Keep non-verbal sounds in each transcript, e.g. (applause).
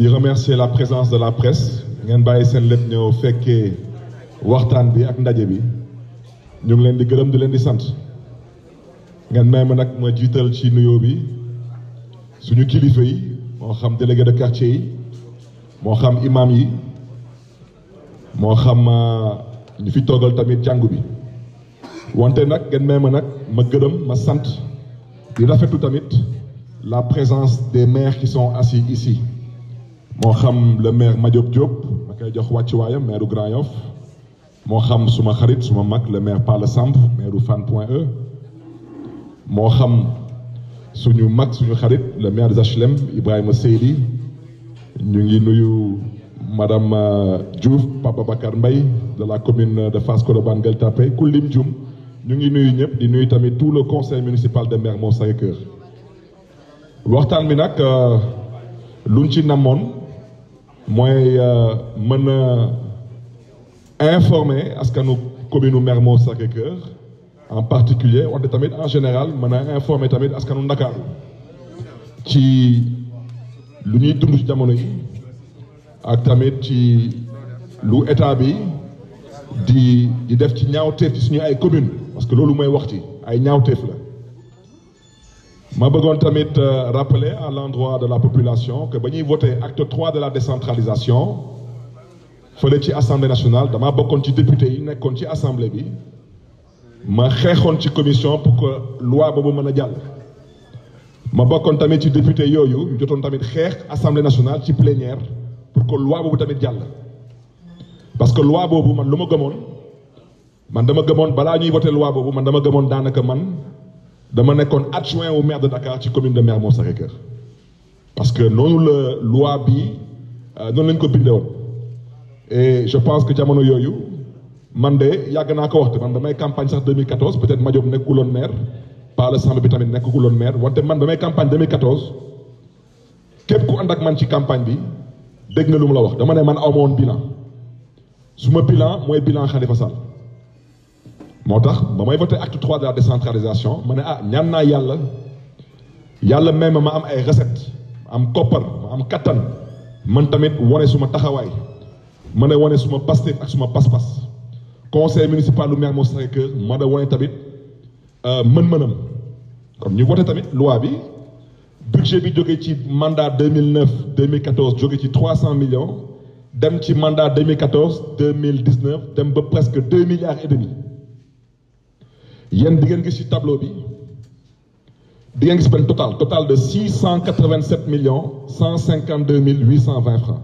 di remercier la présence de la presse ngeen bàyyi seen lépp ñëw fekkee waxtaan bi ak ndaje bi ñu ngi leen di gërëm di leen di sant ngeen may ma nag ma jiital ci nuyoo bi suñu kilifa yi moo xam délégué de quartier yi moo xam imam yi moo xam euh, ñu fi toggal tamit jàngu bi wante nag ngeen may ma nag ma gërëm ma sant di rafetlu tamit la présence des maires qui sont assis ici moo xam le maire Madiop Diop ma koy jox wàccuwaayam maire Grand Yoff moo xam suma xarit suma mag le maire Pala Samb maire Fann Point E moo xam suñu mag suñu xarit le maire des HLM Ibrahima Seydi ñu ngi nuyu madame euh, Diouf Papa Bakar mbay de la commune de Fass Colobane Gueule Tapée ku lim jum ñu ngi nuyu ñëpp di nuyu tamit tout le conseil municipal de Mermoz Sacré-Cœur waxtaan bi nag euh, luñ ci namoon mooy euh, mën a informer askanu commune u Mermoz Sacré-Cœur en particulier wante tamit en général mën a informer tamit askanu Ndakaaru ci lu ñuy dund ci jamono yi ak tamit ci lu état bi di di def ci ñaawteef ci suñu ay commune parce que loolu mooy wax ci ay ñaaw ñaawteef la ma bëggoon tamit euh, rappeler à l'endroit de la population que ba ñuy voté acte 3 de la décentralisation fële ci assemblée nationale dama bokkoon ci député yi nekkoon ci assemblée bi ma xeexoon ci commission pour que loi boobu mën a jàll ma bokkoon tamit ci député yooyu jotoon tamit xeex assemblée nationale ci plénière pour que loi boobu tamit jàll parce que loi boobu man lu ma gëmoon man dama gëmoon balaa ñuy voté loi boobu man dama gëmoon daanaka man dama nekkoon adjoint au maire de Dakar ci commune de Mermoz Sacré-Cœur parce que noonu la loi bi euh, noonu lañ ko bindee e je pense que jamono yooyu man de yàgg naa ko wax te man damay campagne sax 2014 peut-être Madiop nekkuloon maire Palla Samb bi tamit nekkuloon maire wante man damay campagne 2014 képp ku ànd ak man ci campagne bi dégg nga lu mu la wax dama ne man aw ma woon bilan su ma bilan mooy bilan Khalifa Sall. moo tax ba may voté acte trois de la ma ne ah ñaan naa yàlla yàlla may ma ma am ay recette am koppar ma am kattan man tamit wane suma taxawaay ma ne wane suma Pastef ak suma pas-pas conseil municipal lu maire moo saxe que ma ne wane tamit euh, mën-mënam kon ñu voté tamit loi bi budget bi jóge ci mandat 2009 2014 jóge ci 300 millions dem ci mandat 2014 2019 dem ba presque deux milliards et demi yéen di ngeen gis ci tableau bi di gis benn total total de six cent quatre-vingt-sept millions cent cinquante-deux mille cent vingt francs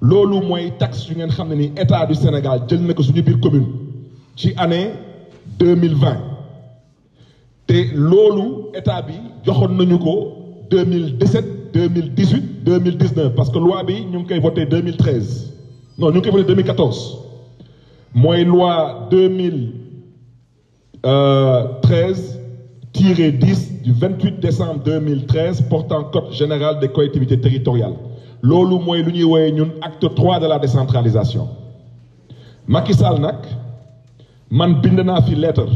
loolu mooy taxe yu ngeen xam ne ni état du Sénégal jël na ko suñu biir commune ci année deux mille vingt te loolu état bi joxoon nañu ko deux mille dix-sept mille dix-huit deux mille parce que loi bi ñu ngi koy voté deux mille treize non ñu ngi koy voté deux mille quatorze mooy loi euh, 13-10 du 28 décembre 2013 portant code général des collectivités territoriales loolu mooy lu ñuy woowee ñun acte 3 de la décentralisation Macky Sall nag man bind naa fi lettre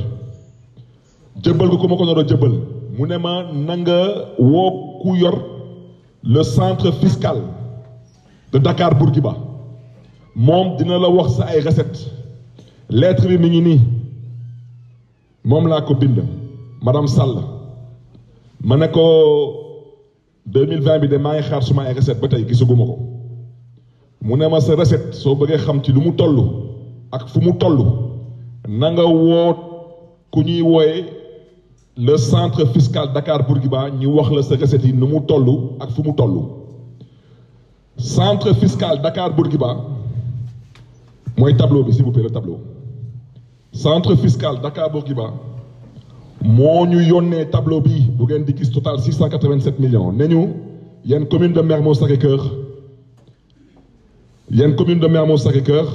jëbal ko ku ma ko nar a jëbal mu ne ma na nga woo ku yor le centre fiscal de Dakar Bourguiba moom dina la wax sa ay recettes lettre bi mi ngi nii moom laa ko bind madame Sall ma ne ko 2020 bi de maa ngi xaar su ma ay recette ba tey gisaguma ko mu ne ma sa recette soo bëggee xam ci lu mu tollu ak fu mu tollu na nga ku ñuy wooye le centre fiscal Dakar Bourguiba ñu wax la sa recette yi nu mu toll ak fu mu toll centre fiscal Dakar Bourguiba mooy tableau bi si vous plaît le tableau centre fiscal Dakar Bourguiba moo ñu yónnee tableau bi bu ngeen di gis total 687 millions ne ñu yéen commune de Mermoz Sacré-Cœur commune de Mermoz Sacré-Cœur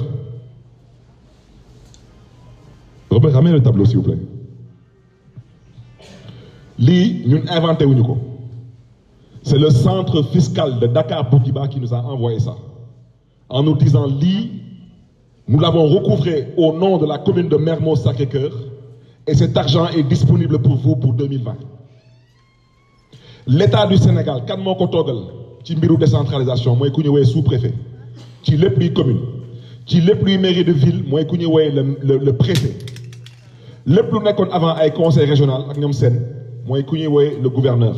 Robert ramène le tableau s'il vous plaît wuñu ko c'est le centre fiscal de Dakar Bourguiba Nous l'avons recouvré au nom de la commune de Mermoz-Sacré-Cœur et cet argent est disponible pour vous pour 2020. L'État du Sénégal kan moo ko toogal ci mbiru décentralisation mooy ku ñu woowee sous-préfet ci lépp luy commune ci lépp luy mairie de ville mooy ku ñu woowee le le préfet lépp lu nekkoon avant ay conseil régional ak ñoom seen mooy ku ñuy woowee le gouverneur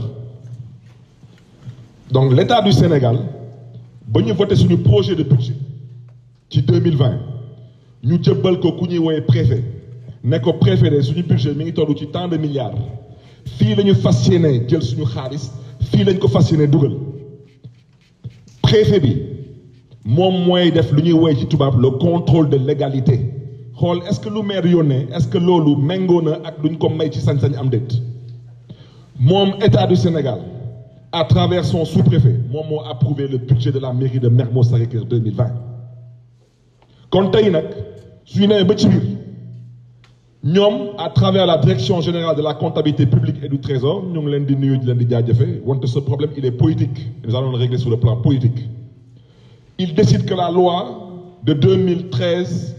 donc l'État du Sénégal ba ñu voté suñu projet de budget ci 2020 ñu jëbbal ko ku ñuy woowee préfet ne ko préfet de suñu budget mi ngi tollu ci tant de milliards fii la ñu jël suñu xaalis fii lañ ko fas dugal préfet bi moom mooy def lu ñuy woowee ci tubaab le contrôle de légalité xool est-ce que lu maire yónnee est-ce que loolu méngoo na ak luñ ko may ci sañ-sañ am déet moom état du Sénégal à travers son sous-préfet moom moo approuvé le budget de la mairie de Mermoz Sacré-Cœur 2020 kon tey nag suñu nee ba ci ñoom à travers la direction générale de la comptabilité publique et du ngi leen di nuyu leen di jaajëfe wante ce problème il est politique et nous allons le régler sur le plan politique il décide que la loi de 2013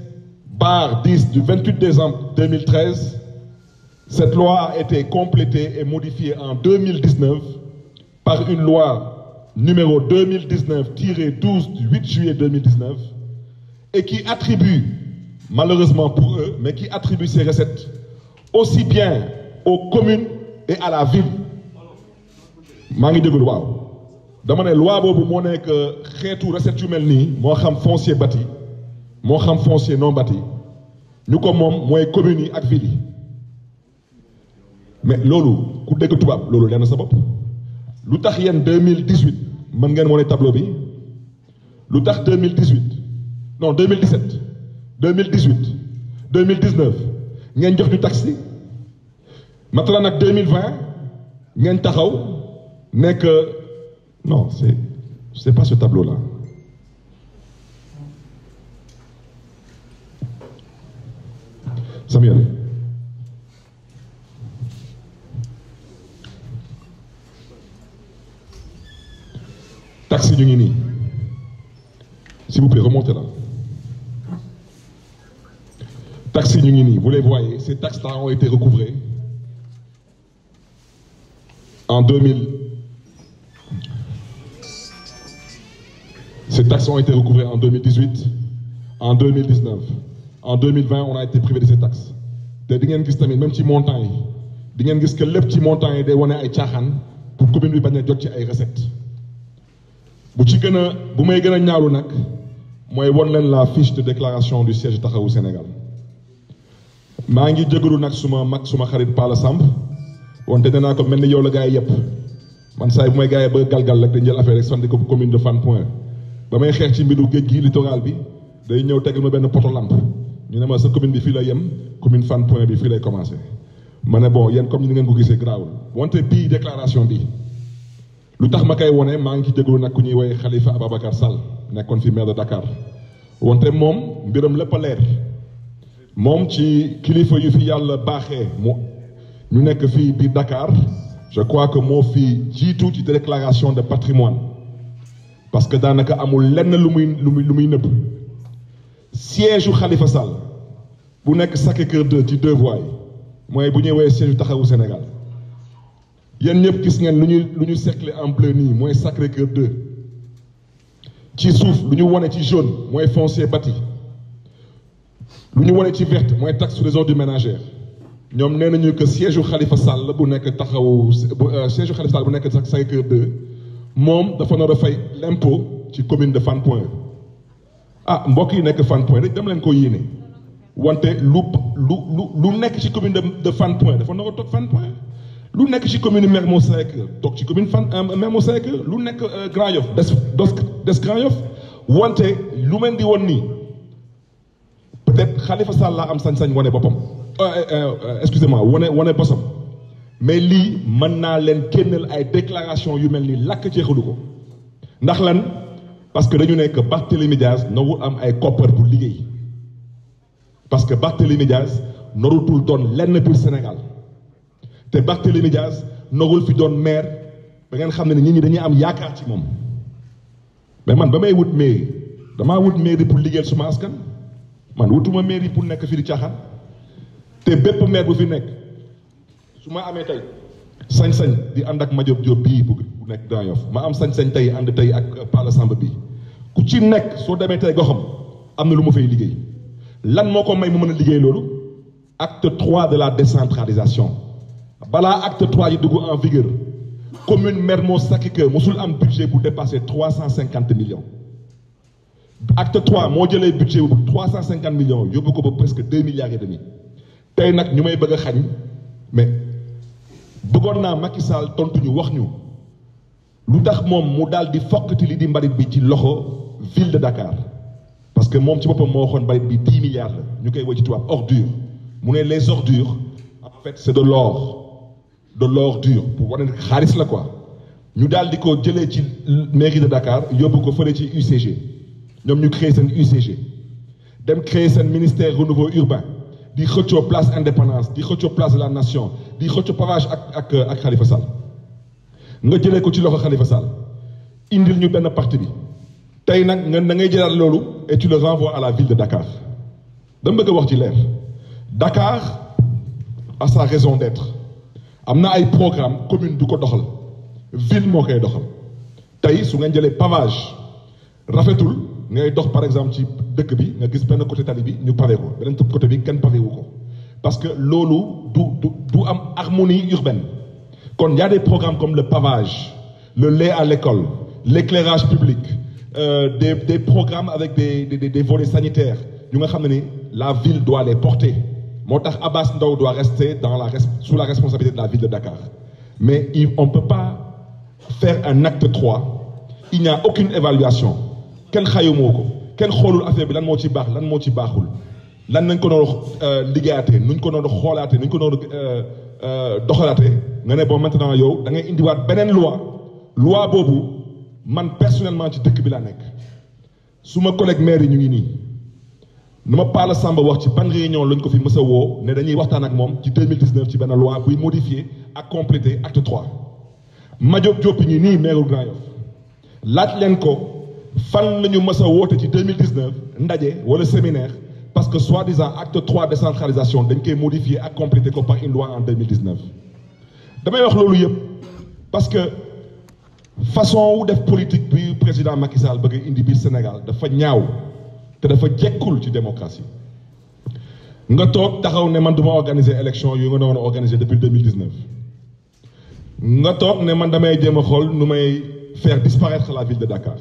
barre 10 du 28 décembre 2013 cette loi a été et modifiée en 2019 par une loi numéro 2019-12 du 8 juillet 2019 et qui attribue malheureusement pour eux, mais qui attribuent ces recettes aussi bien aux commune et à la ville maa ngi déglu waaw dama ne loi boobu moo nekk euh, xeetu recette yu mel nii moo xam foncier bâti moo xam foncier non bâti ñu ko moom mooy communes yi ak ville mais loolu ku dégg tubaab loolu lenn sa bopp lu tax yéen deux mille dix huit mën ngeen wane tableau bi lu tax deux mille dix huit non deux mille 2018 2019 ngeen jox ñu taxi maintenant nag 2020 ngeen taxaw nekk non c'est c'est pas ce tableau là Samuel taxi ñu ngi nii vous plaît remontez là taxes ñu ngi nii vous les voyez ces taxes-là ont été recouvrées en 2000 ces taxes ont été recouvrées en 2018 en 2019 en 2020 on a été privé de ces taxes te di ngeen gis tamit même ci montant yi ngeen gis que lépp ci montant yi day wane ay caaxaan pour commune bi bañ a jot ci ay recettes bu ci gën a bu may gën a ñaaru nag mooy won leen la fiche de déclaration du siège Taxawu Sénégal maa ngi jégalu nag suma mag suma xarit Pala Samb wante nee naa ko mel ni yow la gaa yi yëpp man saa bu may gaa yi bëgg galgal rek dañ jël affaire rek sandi ko commune de Fann Point ba may xeex ci mbiru géej gi littoral bi day ñëw tegal ma benn poto lamp ñu ne ma sa commune bi fii lay yem commune Fann Point bi fii lay commencé ma ne bon yéen comme ni ngeen ko gisee garaawul wante bii déclaration bi lu tax ma koy wone maa ngi ci jégalu nag ku ñuy woowee Khalifa Ababacar Sall nekkoon fi maire de Dakar wante moom mbiram lépp a leer moom ci kilifa yu fi yàlla baaxee mu ñu nekk fii biir Dakar je crois que moo fi jiitu ci déclaration de patrimoine parce que daanaka amul lenn lu muy lu muy lu muy nëbb siège u xalifa Sall bu nekk Sacré-Cœur 2 ci deux voies mooy bu ñëwee siège u taxawu Sénégal yéen ñëpp gis ngeen lu ñu lu ñu cercler en bleu nii mooy Sacré-Cœur 2 ci suuf lu ñu wone ci jaune mooy foncier bâti lu ñu wane ci verte mooy tax su les ordures ménagères ñoom nee nañu que siège u Khalifa Sall bu nekk taxawu euh, siège u Khalifa Sall bu nekk sax cinq deux moom dafa nar a fay l'impôt ci commune de Fann Point ah mbokk yi nekk Fann Point rek dem leen ko yéene wante lu lu lu lu nekk ci commune de Fann Point dafa nar a toog Fann Point lu nekk ci commune Mermoz Sacré toog ci commune Fann euh, Mermoz Sacré lu nekk euh, Grand Yoff des des Grand Yoff wante lu mel di woon nii peut-être Khalifa am sañ-sañ wane boppam euh, euh, euh, excusez-moi wane wane bosam mais lii mën naa leen kénnal ay déclaration yu mel ni lakk jeexalu ko ndax lan parce que dañu nekk Barthélémy Dias narul am ay koppar liggéey parce que Barthélémy Dias narutul doon lenn biir Sénégal te Barthélémy Dias narul fi doon maire ba ngeen xam ne nit ñi dañuy am yaakaar ci moom mais man ba may wut mairie damaa wut mairie pour liggéeyal suma askan man wutuma mairie bu nekk fi di caaxaan te bépp maire bu fi nekk su ma amee tey sañ-sañ di ànd ak Madiop Diop bii bu nekk Grand Yoff ma am sañ-sañ tey ànd tey ak Pala Samba bii ku ci nekk soo demee tey goxam am na lu ma fay liggéey lan moo ko may mu mën a liggéey loolu acte trois de la décentralisation balaa acte trois yi dugg en vigueur commune Mermoz Sacré-Cœur mosul am budget bu dépasser trois cent cinquante millions acte trois moo jëlee budget bu trois cent cinquante millions yóbbu ko ba presque deux milliards et demi tey nag ñu may bëgg a xañ mais bëggoon naa Macky Sall tontu ñu wax ñu lu tax moom mu daal di fokkati li di mbalit bi ci loxo ville de Dakar parce que moom ci boppam moo waxoon mbalit bi dix milliards ñu koy woo ci tubaab ordure mu ne les ordures en fait c'est de l'or de l'or dur pour wane xaalis la quoi ñu daal di ko jëlee ci mairie de Dakar yóbbu ko fële ci UCG ñoom ñu créer seen UCG dem créer seen ministère renouveau urbain di xëcco place indépendance di xëccoo place de la nation di xëccoo pavage ak ak ak Khalifa Sall nga jëlee ko ci loxo Khalifa Sall indil ñu benn parti bi tey nag nga na ngay jëlaat loolu et tu le renvoies à la ville de Dakar dama bëgg a wax ci leer Dakar a sa raison d'être am na ay programme commune du ko doxal ville moo koy doxal tey su ngeen jëlee pavage rafetul ngay dox par exemple ci dëkk bi nga gis benn côté tali bi ñu pavé ko beneen côté bi kenn ko parce que loolu du du du am harmonie urbaine kon y a des programmes comme le pavage le lait à l'école l'éclairage public euh, des des programmes avec des des, des volets sanitaires ñu nga xam ne ni la ville doit les porter moo tax Abbas Ndao doit rester dans la sous la responsabilité de la ville de Dakar mais il on peut pas faire un acte 3 il n'y a aucune évaluation kenn xayumoo ko kenn xoolul affaire bi lan moo ci baax lan moo ci baaxul lan nañ ko doon euh, liggéeyaatee nuñ ko doon xoolaatee nuñ ko doon euh, euh, doxalaatee nga ne bon maintenant yow da ngay indiwaat beneen loi loi boobu man personnellement ci dëkk bi laa nekk su ma collègue maire yi ñu ngi nii nu ma Palla Samba wax ci ban réunion lañ ko fi mës woo ne dañuy waxtaan ak moom ci 2019 ci benn loi buy modifier ak compléter acte 3 Madiop Diop ñu nii maire Grand Yoff laaj leen ko fan la ñu mës woote ci 2019 ndaje wala séminaire parce soit soi-disant acte 3 décentralisation dañ koy modifier ak complété ko par une loi en 2019 damay wax loolu yëpp parce que façon wu def politique bi président Macky Sall bëgg indi biir Sénégal dafa ñaaw te dafa jekkul ci démocratie nga toog taxaw ne man du ma organiser élection yu nga doon organiser depuis 2019 nga toog ne man damay jéem a xool nu may faire disparaître la ville de dacar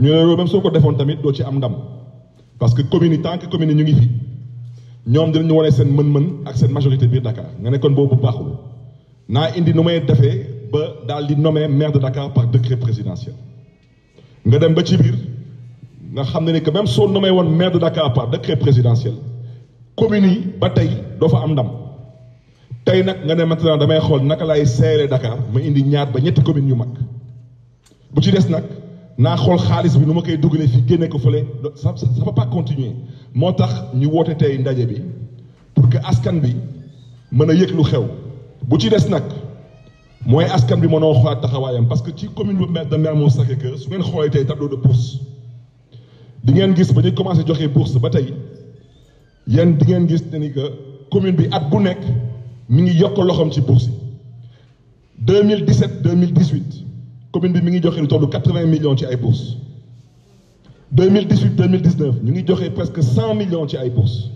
ñu ne loolu même soo ko defoon tamit doo ci am ndam parce que commune yi tant que commune ñu ngi fi ñoom dinañu wane seen mën-mën ak seen majorité biir Dakar nga ne boobu baaxul naa indi nu may defee ba daal di nommer maire de Dakar par décret présidentiel. nga dem ba ci biir nga xam ne ni que même soo nommé woon maire de Dakar par décret présidentiel commune yi ba tey doo fa am ndam tey nag nga ne maintenant damay xool naka laay seere Dakar ma indi ñaar ba ñetti communes yu mag bu ci des nag. naa xool xaalis bi nu ma koy dugalee fi génne ko fële ça ça va pas continuer moo tax ñu woote tey ndaje bi pour que askan bi mën a yëg lu xew bu ci des nag mooy askan bi mënoo xoolaat taxawaayam parce que ci commune bu maire de Mermoz Sacré-Cœur su ngeen xoolee tey tableau de bourse di ngeen gis ba ñu commencé joxe bourse ba tey yéen di ngeen gis ne ni que commune bi at bu nekk mu ngi yokk loxoom ci bourse yi 2017 2018. commune bi mi ngi joxe lu tollu quatre-vingts millions ci ay bourses mille dix-huit deux mille dix ñu ngi joxe presque cent millions ci ay bourses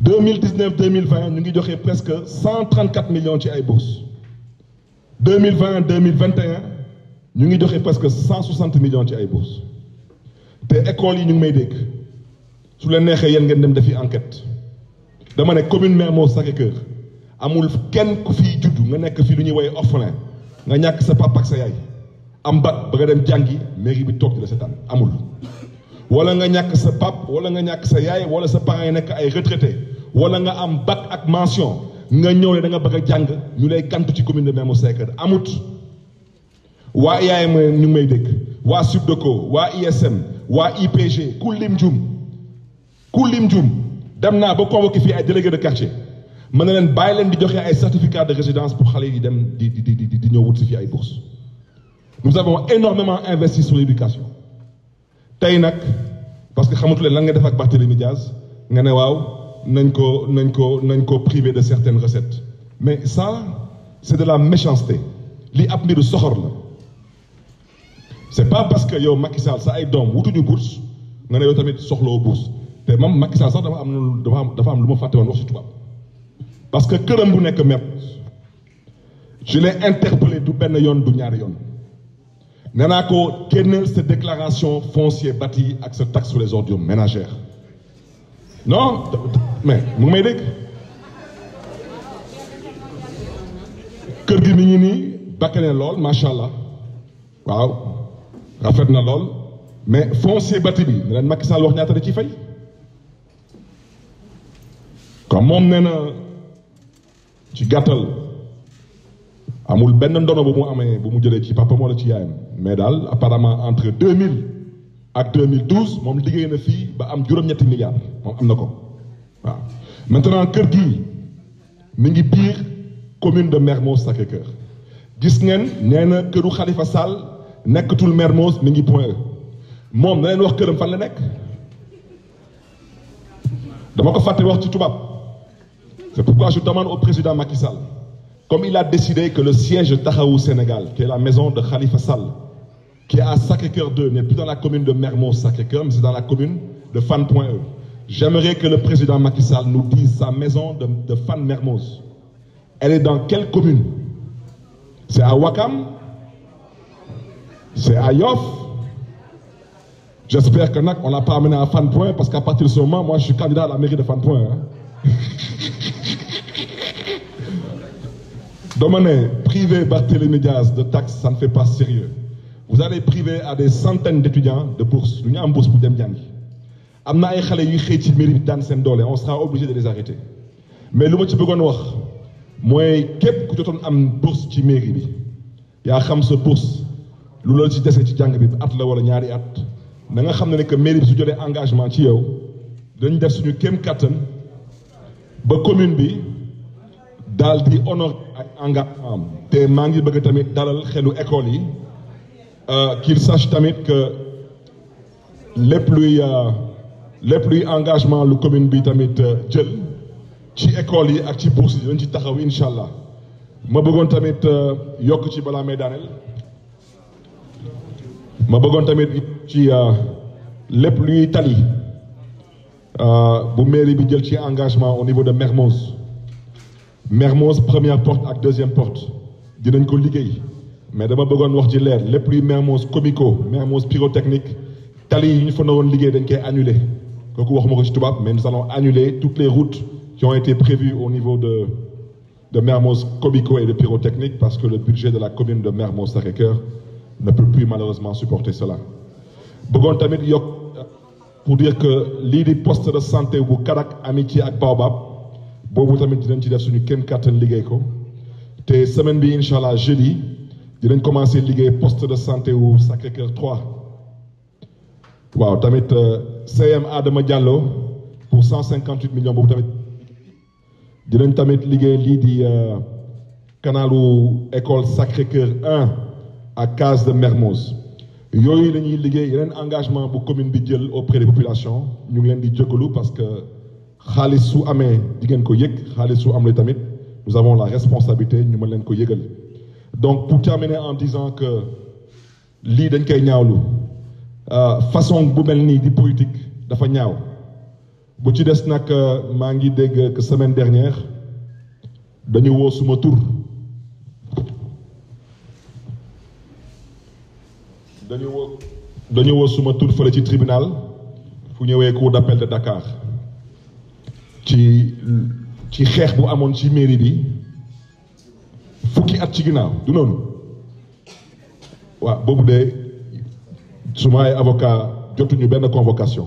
deux mille dix-neuf deux mille vingt ñu ngi joxee presque cent trente-quatre millions ci ay bourses deux mille vingt deux mille vingt et un ñu ngi joxe presque cent soixante millions ci ay bourses te école yi ñu ngi may dégg su leen neexee yéen ngeen dem defi enquête dama ne commune Mermoz Sacré-Cœur amul kenn ku fiy judd nga nekk fii lu ñuy woowee orphelin nga ñàkk sa papa ak sa yaay am bac ba nga dem jàngi mairie bi toog di la seetaan amul wala nga ñàkk sa pap wala nga ñàkk sa yaay wala sa parents yi nekk ay retraité wala nga am bac ak mention nga ñëw ne da nga bëgg a jàng ñu lay gantu ci commune de Mermoz Sacré-Cœur amut waa yaay ma ñu may dégg waa Subdeco waa ISM waa IPG ku lim jum ku lim jum dem naa ba convoqué fii ay délégué de mën na leen bàyyi leen di joxe ay certificat de résidence pour xale yi dem di di di di ñëw wut si ay bourses nous avons investi sur tey nag parce que xamatuleen lan nga def ak Barthélémy Diaz nga ne waaw nañ ko nañ ko nañ ko privé de certaines recettes mais ça c'est de la méchanceté li ab mbiru soxor la c'est pas parce que yow Macky Sall sa ay doom wutuñu bourse nga ne yow tamit soxloo bourse te mam Macky Sall sax dafa am dafa am dafa am lu ma fàtte woon wax si tubaab parce que këram bu nekk mépp je interpellé du benn yoon du ñaari yoon nee naa ko génneel sa déclaration foncier bâti ak sa taxe sur les ordures ménagères non mais mu ngi may dégg kër gi mi ñi nii bakkane lool macha allah waaw rafet na lool mais foncier bâti bi ne leen Macky Sall wax ñaata da ciy fay comme moom nee na ci gàttal amul benn ndono bu mu amee bu mu jëlee ci papam wala ci yaayam mais daal apparemment entre 2000 ak 2012 moom liggéey na fii ba am juróom-ñetti milliards moom am na ko waaw maintenant kër gii mi ngi biir commune de Mermoz Sacré-Cœur gis ngeen nee na këru Khalifa Sall nekkatul Mermoz mi ngi Point E moom na leen wax këram fan la nekk dama ko fàtte wax ci tubaab. C'est pourquoi je demande au président Macky Sall, comme il a décidé que le siège Tahaou Sénégal, qui est la maison de Khalifa Sall, qui est à sacré n'est plus dans la commune de mermoz sacré mais c'est dans la commune de Fan.e. J'aimerais que le président Macky nous dise sa maison de, de Fan-Mermoz. Elle est dans quelle commune C'est à Wakam C'est à Yoff J'espère qu'on ne l'a pas amené à Fan.e parce qu'à partir de ce moment, moi je (laughs) dama ne priver Barthélémy Dias de taxes ça ne fait pas sérieux vous allez priver à des centaines d'étudiants de bourses du ñu am bourse bu dem jàngi am na ay xale yuy xëy ci mairie bi daan seen doole on sera obligé de les arrêter mais lu ma ci bëggoon wax mooy képp ku jotoon am bourse ci mairie bi yaa xam sa bourse lu loolu ci dese ci jàng bi at la wala ñaari at na nga xam ne ne que mairie bi su jëlee engagement ci yow dañ def suñu kéem kattan ba commune bi daal di honoré ak engagement te maa ngi bëgg tamit dalal xelu école yi euh, qu'il sache tamit que lépp luy euh, lépp luy engagement lu commune bi tamit euh, jël ci école yi ak ci bourse yoon ci taxaw incha allah ma bëggoon tamit yokk ci balaa may daaneel ma bëggoon tamit ci lépp luy tali bu mairie bi jël ci engagement au niveau de Mermoz Mermoz première porte ak deuxième porte dinañ ko liggéey mais dama bëggoon wax ci leer lépp luy Mermoz comico Mermoz pyrotechnique tali yi ñu fa naroon liggéey dañ koy annulé kooku waxuma ko ci tubaab mais nous allons annuler toutes les routes qui ont été prévues au niveau de de Mermoz comico et de pyrotechnique parce que le budget de la commune de Mermoz Sacré-Cœur ne peut plus malheureusement supporter cela bëggoon tamit yokk pour dire que lii di poste de santé bu Kadak Amitié ak Baobab boobu tamit dinañ ci def suñu kenn kàttan liggéey ko te semaine bi incha allah jeudi dinañ commencé liggéey poste de santé wu Sacré-Cœur 3 waaw tamit euh, CM Adama Diallo pour 158 millions boobu tamit dinañ tamit liggéey lii di euh, canalu école Sacré-Cœur 1 à Case de Mermoz yooyu la ñuy liggéey yeneen engagement bu commune bi jël auprès des populations ñu leen di jëkkalu parce que xaalis su amee di ngeen ko yëg xaalis su amee tamit nous avons la responsabilité ñu mën leen ko yëgal donc pour terminer en disant que lii dañ koy ñaawlu euh, façon bu mel nii di politique dafa ñaaw bu ci des nag euh, maa ngi dégg semaine dernière dañu woo suma tur dañu woo dañu woo suma tur fële ci tribunal fu ñëwee cour d'appel de Dakar ci ci xeex bu amoon ci mairie bi fukki at ci ginnaaw du noonu waaw boobu de su ma ay avocat jotuñu benn convocation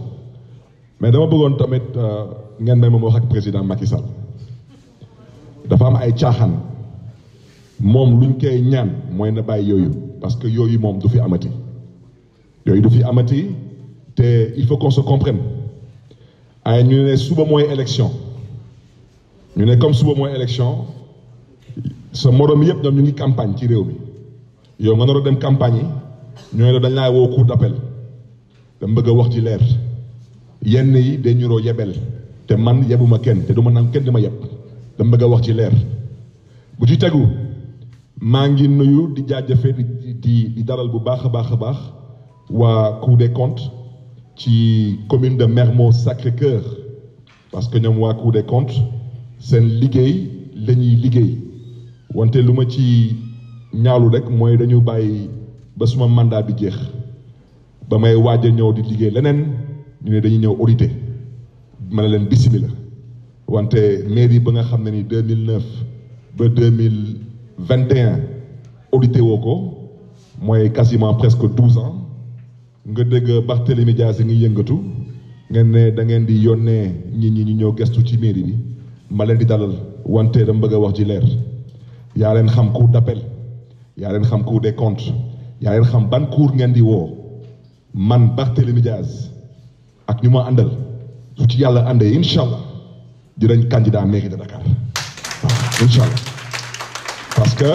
mais dama bëggoon tamit euh, ngeen may moom wax ak président Macky dafa am ay caaxaan moom luñ koy ñaan mooy na bàyyi yooyu parce que yooyu moom du fi amati yooyu du fi amati te il faut qu'on se comprenne ay ñu ne suba mooy élection ñu ne comme suba mooy élection sa moroom yëpp ñoom ñu ngi campagne ci réew mi yow nga nar dem campagne yi ñooy la dañ laa woo cour d'appel dama bëgg a wax ci leer yenn yi dañ ñu roo te man yebuma kenn te du ma naan kenn di ma yeb dama bëgg a wax ci leer bu ci tegu maa ngi nuyu di jaajëfe di di di dalal bu baax a baax a baax waa Cour des comptes ci commune de Mermoz Sacré-Cœur parce que ñoom waa Cour de comptes seen liggéey la liggéey wante lu ma ci ñaalu rek mooy dañu bàyyi ba suma mandat bi jeex ba may waaj a ñëw di liggéey leneen ñu ne dañuy ñëw audité ma ne leen bismilla wante mairie ba nga xam ne ni 2009 ba 2021 audité woo ko mooy quasiment presque 12 ans. nga dégg Barthélémy Dias yi ngi yëngatu ngeen ne da di yónnee nit ñi ñu ñëw gestu ci mairie bi ma leen di dalal wante dama bëgg a wax ji leer yaa leen xam cour d'appel yaa leen xam cour des comptes yaa leen xam ban cour ngeen di woo man Barthélémy Dias ak ñu ma àndal su ci yàlla ànd incha allah dinañ candidat mairie daa Dakar waaw incha allah parce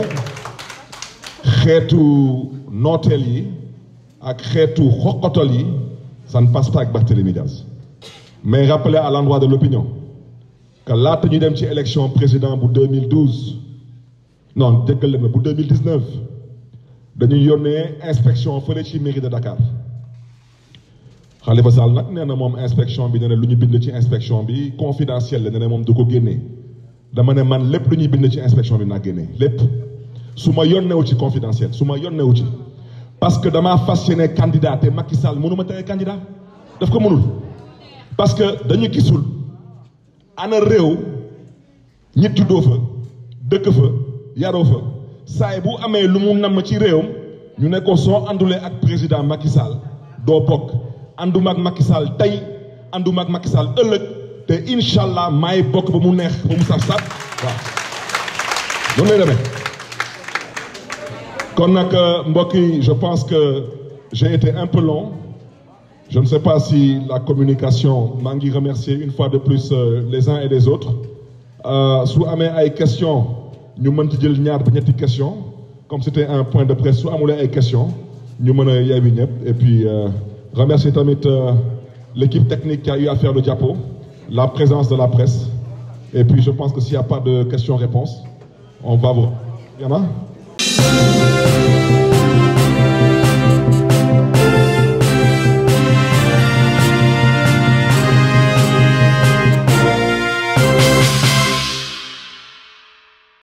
xeetu nooteel yi. ak xeetu xoqotal yi san ne passe pas ak Barthélémy Diaz mais rappeler à l'endroit de l'opinion que laata ñu dem ci élection président bu 2012 non jëkkal la ma bu 2019 dañuy yónnee inspection fële ci mairie de Dakar Khalifa Sall nag nee na moom inspection bi nee na lu ñu bind ci inspection bi confidentiel la nee na moom du ko génnee dama ne man lépp lu ñuy bind ci inspection bi naa génnee lépp su ma yónneewu ci confidentiel su ma yónneewu ci parce que damaa fas yéene candidat te Macky Sall mënu ma daf ko mënul parce que dañu gisul ana réew ñit juddoo fa dëkk fa yaroo fa saay bu amee lu mu namm ci réewam ñu ne soo àndulee ak président Macky Sall doo bokk ànduma ak Macky Sall tey ànduma ak ëllëg te incha allah maay bokk ba mu neex ba mu saf saf waaw noonu lay demee kon nag euh, mbokk yi je pense que j'ai été un peu long je ne sais pas si la communication maa ngi remercier une fois de plus euh, les uns et les autres euh, su amee ay questions ñu mën ci jël ñaar ba ñetti questions comme c'était un point de presse su amulee ay questions ñu mën a yeewi ñëpp et puis euh, remercier tamit euh, l'équipe technique qui a eu à faire le diapo la présence de la presse et puis je pense que s'il n'y a pas de questions-réponses on va voir. Il y en a?